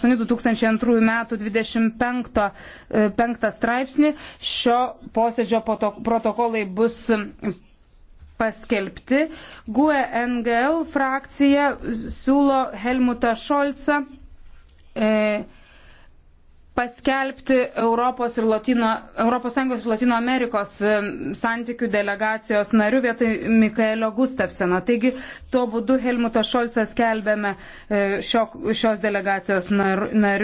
2002 metų 25 e, straipsnį. Šio posėdžio protokolai bus paskelbti. GUE NGL frakcija siūlo Helmutą Šolcą paskelbti Europos ir Latino, Europos Sąjungos ir Latino Amerikos santykių delegacijos narių vietoj Mikaelio Gustafseno. Taigi, tuo būdu Helmutas Šolcas skelbėme e, šio, šios delegacijos narių.